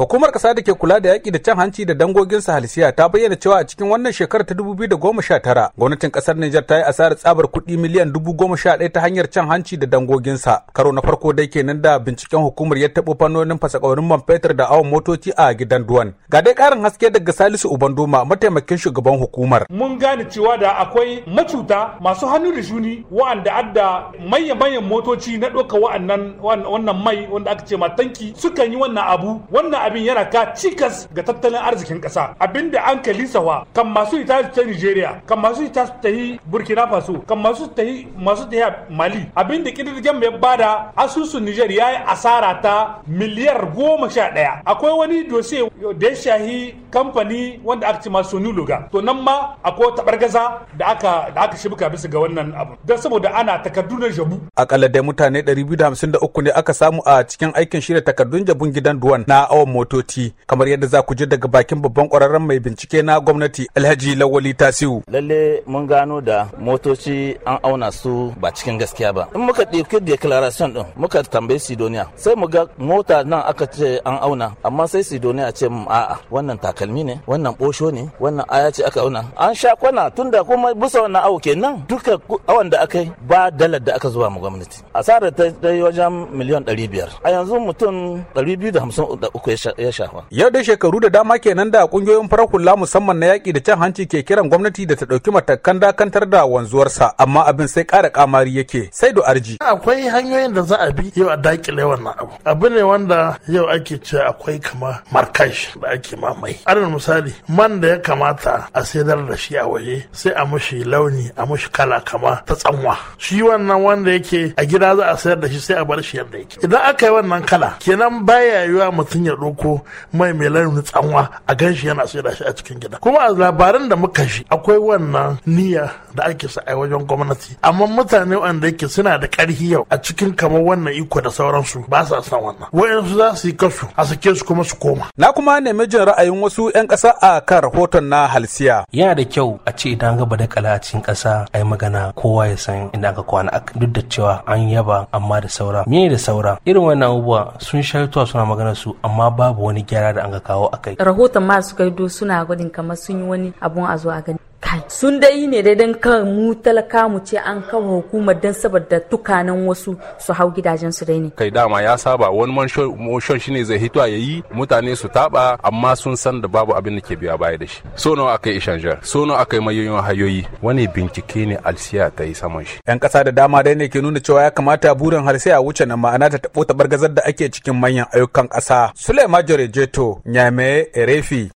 Hukumar ƙasa da ke kula da yaƙi da cin hanci da dangogin halisiya ta bayyana cewa a cikin wannan shekarar ta tara gwamnatin ƙasar Nijar ta yi asarar tsabar kuɗi miliyan ɗaya ta hanyar cin hanci da dangoginsa. Karo na farko dai kenan da binciken hukumar ya taɓo fannonin fasakwarin man fetur da awon motoci a gidan Duwan. Ga dai ƙarin haske daga Salisu Ubandoma mataimakin shugaban hukumar. Mun gane cewa da akwai macuta masu hannu da shuni wa'anda adda maye manyan motoci na ɗaukar wa'annan wannan mai wanda aka ce ma tanki sukan yi wannan abu wannan abin yana ka cikas ga tattalin arzikin kasa abinda an kalisawa kan masu ita ta Nigeria kan masu ita ta yi Burkina Faso kan masu ta yi masu ta Mali Mali abinda kididdigen mai bada asusun Niger yayi asara ta miliyar goma sha ɗaya akwai wani dose da ya shahi kamfani wanda aka ci masu Nuluga to nan ma akwai gaza da aka da aka shibka bisa ga wannan abu don saboda ana takardu jabu akalla dai mutane 253 ne aka samu a cikin aikin shirya takardun jabun gidan Duwan na awon motoci kamar yadda za ku ji daga bakin babban kwararren mai bincike na gwamnati Alhaji Lawali Tasiu. Lalle mun gano da motoci an auna su ba cikin gaskiya ba. In muka ɗauki declaration din muka tambayi Sidoniya sai mu ga mota nan aka ce an auna amma sai Sidoniya ce mu a'a wannan takalmi ne wannan bosho ne wannan aya ce aka auna. An sha kwana tunda kuma bisa wannan awo kenan duka awan da aka yi ba dalar da aka zuwa mu gwamnati. Asarar ta yi wajen miliyan 500. A yanzu mutum 253 ya ya shafa. Yau da shekaru da dama kenan da kungiyoyin farar hula musamman na yaƙi da cin hanci ke kiran gwamnati da ta ɗauki matakan dakantar da wanzuwar sa amma abin sai ƙara kamari yake sai do arji. Akwai hanyoyin da za a bi yau a dakile wannan abu. Abu ne wanda yau ake ce akwai kama markash da ake mamaye. Adal misali man da ya kamata a sayar da shi a waje sai a mushi launi a mushi kala kama ta tsanwa. Shi wannan wanda yake a gida za a sayar da shi sai a bar shi yadda yake. Idan aka yi wannan kala kenan baya yiwuwa mutum ya farko mai mai launin tsanwa a ganshi yana sai da shi a cikin gida kuma a labaran da muka shi akwai wannan niyya da ake sa a wajen gwamnati amma mutane wanda yake suna da karhi yau a cikin kamar wannan iko da sauransu ba sa san wannan wayansu za su yi kasu a sake su kuma su koma na kuma nemi jin ra'ayin wasu 'yan kasa. a kan rahoton na halsiya yana da kyau a ce idan gaba da kala a cikin ƙasa a yi magana kowa ya san inda aka kwana duk da cewa an yaba amma da saura me da saura irin wannan abubuwa sun shaituwa suna magana su amma babu wani gyara da an ga kawo akai rahoton masu gaido suna gwadin kamar sun yi wani abun a zo a gani kai sun yi ne da don kan mu talaka mu ce an kawo hukumar don saboda tukanan wasu su hau gidajen su dai ne kai dama ya saba wani motion shi ne zai hito ya yi mutane su taba amma sun san da babu abin da ke biya baya da shi so nawa aka yi ishanjar so nawa aka yi mayoyin hayoyi wani bincike ne alsiya ta yi saman shi yan kasa da dama dai ne ke nuna cewa ya kamata burin a wuce nan ma'ana ta tabo tabargazar da ake cikin manyan ayyukan kasa sulaiman Jeto, nyame erefi